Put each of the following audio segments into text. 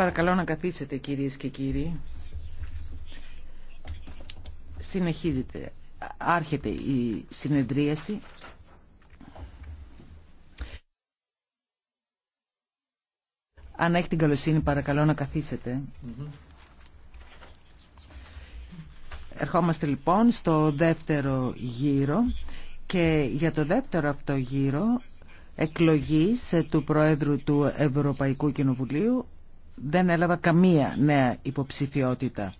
παρακαλώ να καθίσετε κυρίες και κύριοι. Συνεχίζεται. Άρχεται η συνεδρίαση. Αν έχει την καλοσύνη παρακαλώ να καθίσετε. Ερχόμαστε λοιπόν στο δεύτερο γύρο και για το δεύτερο αυτό γύρο εκλογής του Προέδρου του Ευρωπαϊκού Κοινοβουλίου δεν έλαβα καμία νέα υποψηφιότητα.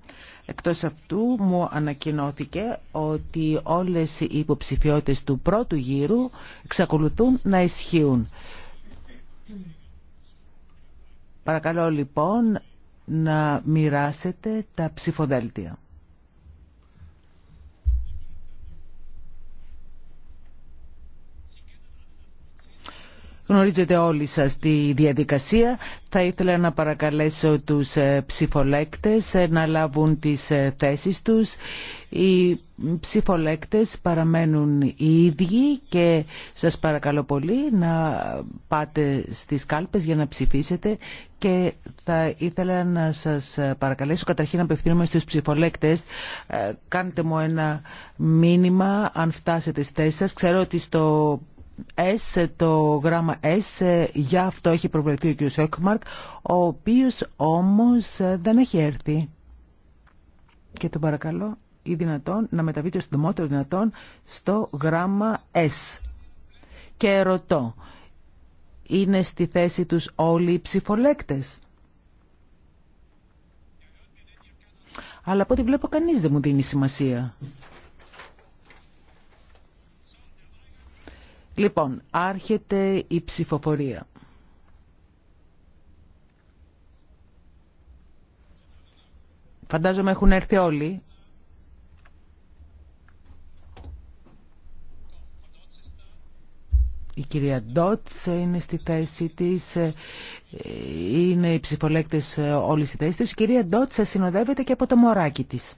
Εκτός αυτού μου ανακοινώθηκε ότι όλες οι υποψηφιότητες του πρώτου γύρου εξακολουθούν να ισχύουν. Παρακαλώ λοιπόν να μοιράσετε τα ψηφοδέλτια. Γνωρίζετε όλοι σας τη διαδικασία. Θα ήθελα να παρακαλέσω τους ε, ψηφολέκτες ε, να λάβουν τις ε, θέσεις τους. Οι ψηφολέκτες παραμένουν οι ίδιοι και σας παρακαλώ πολύ να πάτε στις κάλπες για να ψηφίσετε και θα ήθελα να σας παρακαλέσω καταρχήν να απευθύνομαι στους ψηφολέκτες. Κάντε μου ένα μήνυμα αν φτάσετε στις θέσεις σας. Ξέρω ότι στο S, το γράμμα S, για αυτό έχει προβλεφθεί ο κ. Σόκμαρκ, ο οποίο όμω δεν έχει έρθει. Και τον παρακαλώ ή δυνατόν να μεταβείτε στο συντομότερο δυνατόν στο γράμμα S. Και ρωτώ, είναι στη θέση τους όλοι οι ψηφολέκτες. Αλλά από ό,τι βλέπω κανείς δεν μου δίνει σημασία. Λοιπόν, άρχεται η ψηφοφορία. Φαντάζομαι έχουν έρθει όλοι. Η κυρία Ντότς είναι στη θέση της, ε, είναι οι ψηφολέκτες ε, όλοι στη θέση της. Η κυρία Ντότς συνοδεύεται και από το μωράκι της.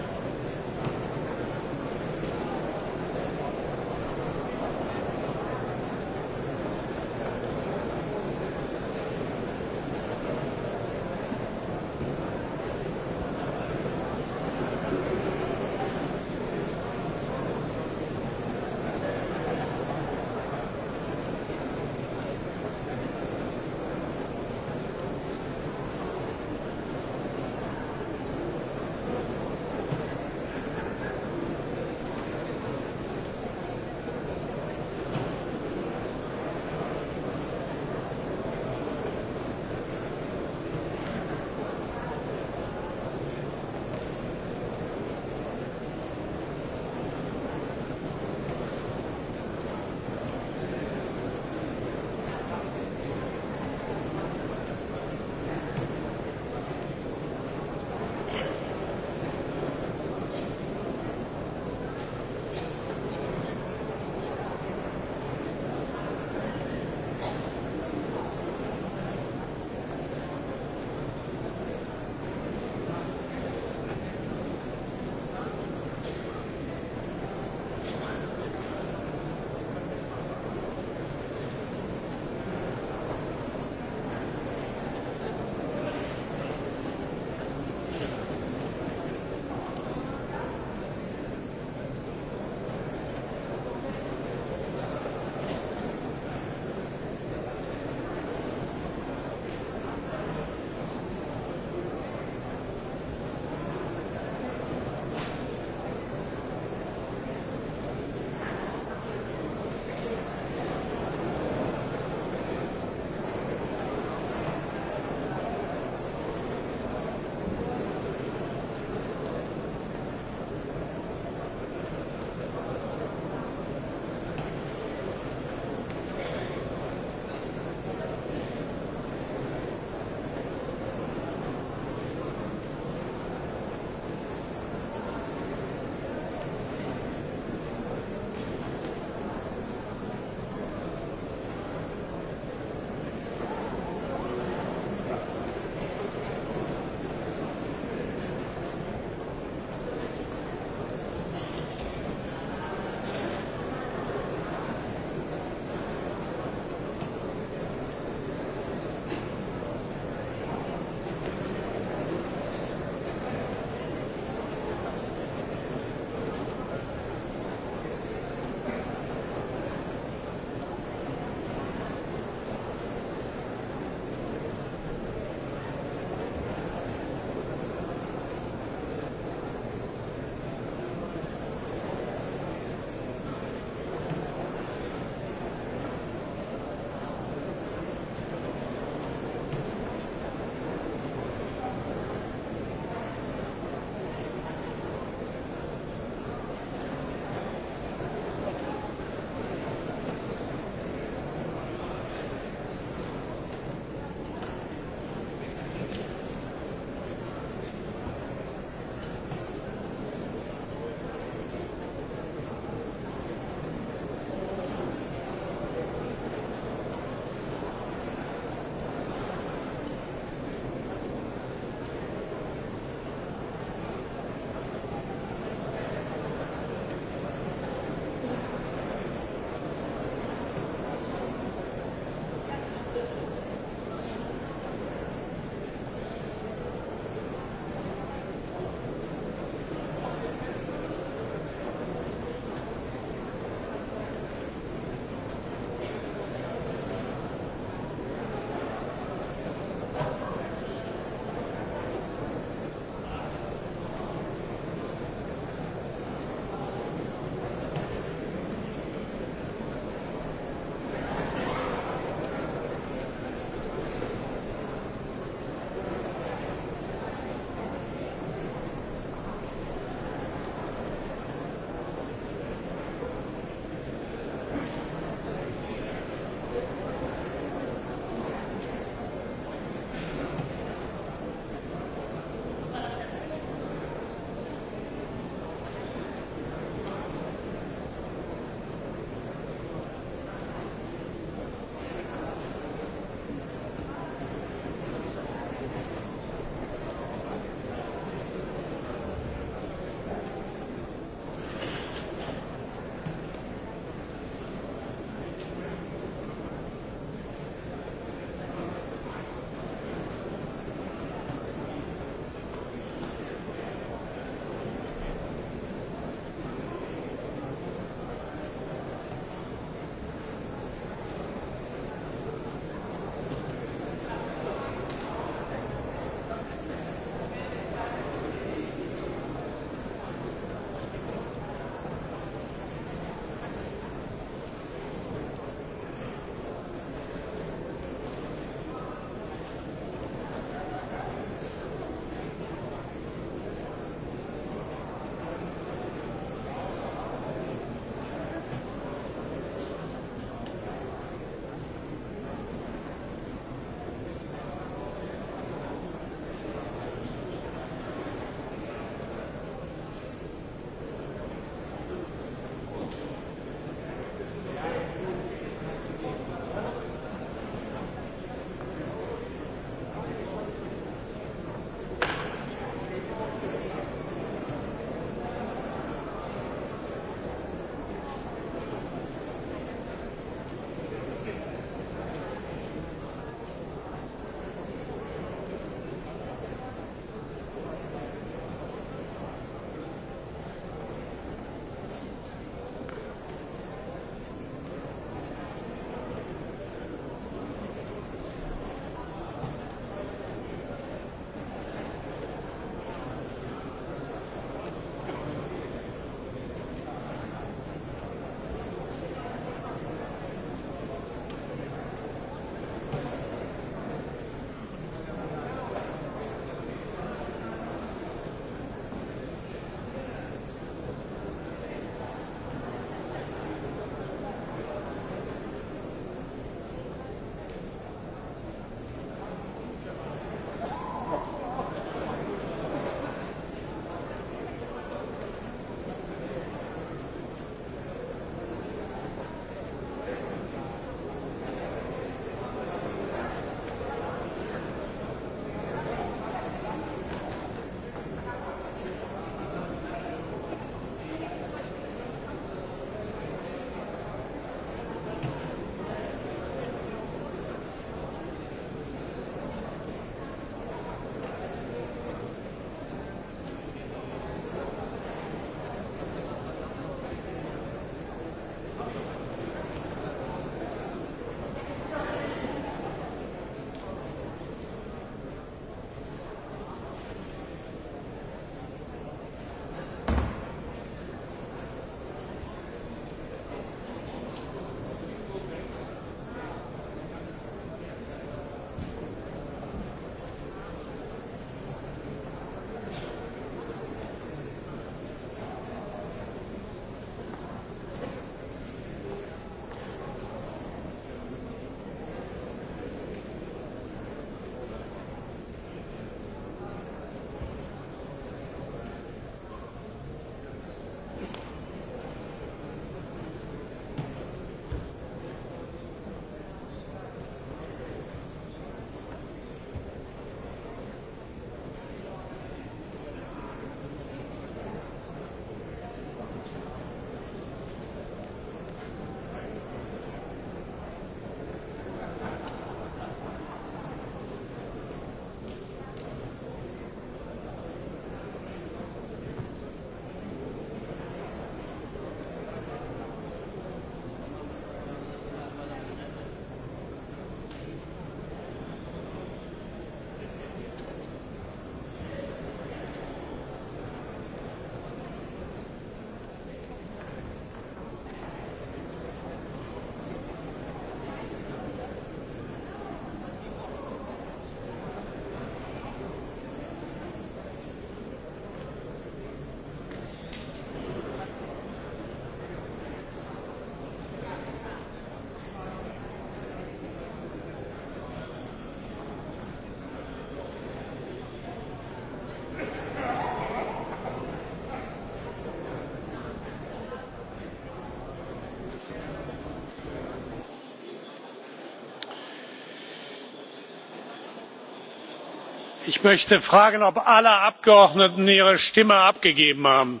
ich möchte fragen ob alle abgeordneten ihre stimme abgegeben haben.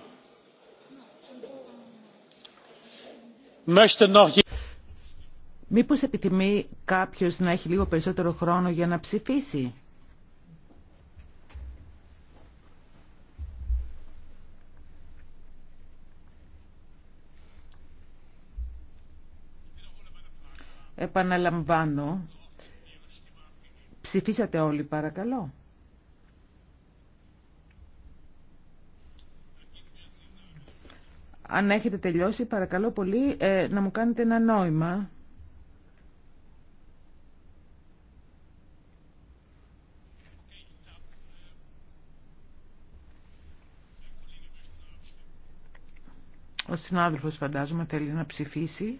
Μήπως επιθυμεί κάποιος να έχει λίγο περισσότερο χρόνο για να ψηφίσει. Επαναλαμβάνω. Ψηφίσατε όλοι παρακαλώ. αν έχετε τελειώσει, παρακαλώ πολύ ε, να μου κάνετε ένα νόημα. Ο συνάδελφος φαντάζομαι θέλει να ψηφίσει.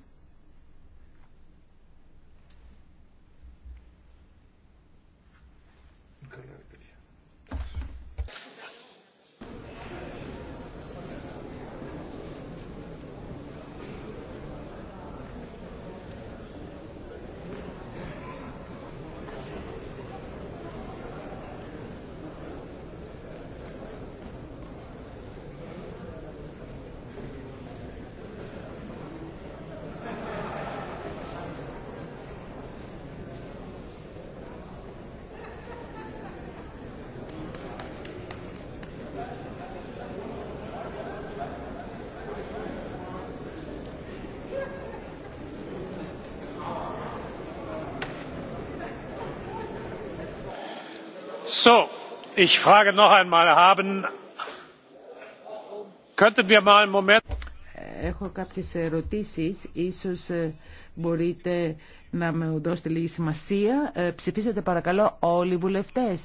Έχω κάποιες ερωτήσεις, ίσως ε, μπορείτε να με δώσετε λίγη σημασία. Ε, ψηφίσατε παρακαλώ όλοι οι βουλευτές.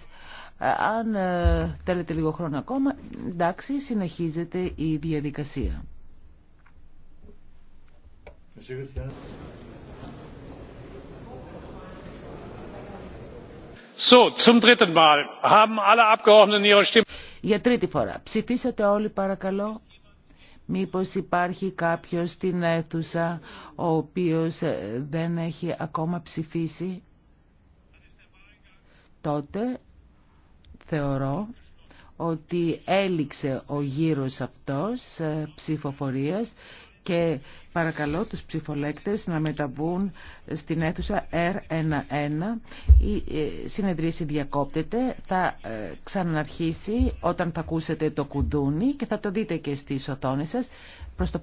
Ε, αν θέλετε λίγο χρόνο ακόμα, εντάξει, συνεχίζεται η διαδικασία. Για τρίτη φορά. Ψηφίσατε όλοι παρακαλώ. Μήπως υπάρχει κάποιος στην αίθουσα ο οποίος ε, δεν έχει ακόμα ψηφίσει. Τότε θεωρώ ότι έληξε ο γύρος αυτός ε, ψηφοφορίας και παρακαλώ τους ψηφολέκτες να μεταβούν στην αίθουσα R11. Η ε, συνεδρίαση διακόπτεται, θα ε, ξαναρχίσει όταν θα ακούσετε το κουδούνι και θα το δείτε και στις οθόνες σας. Προς το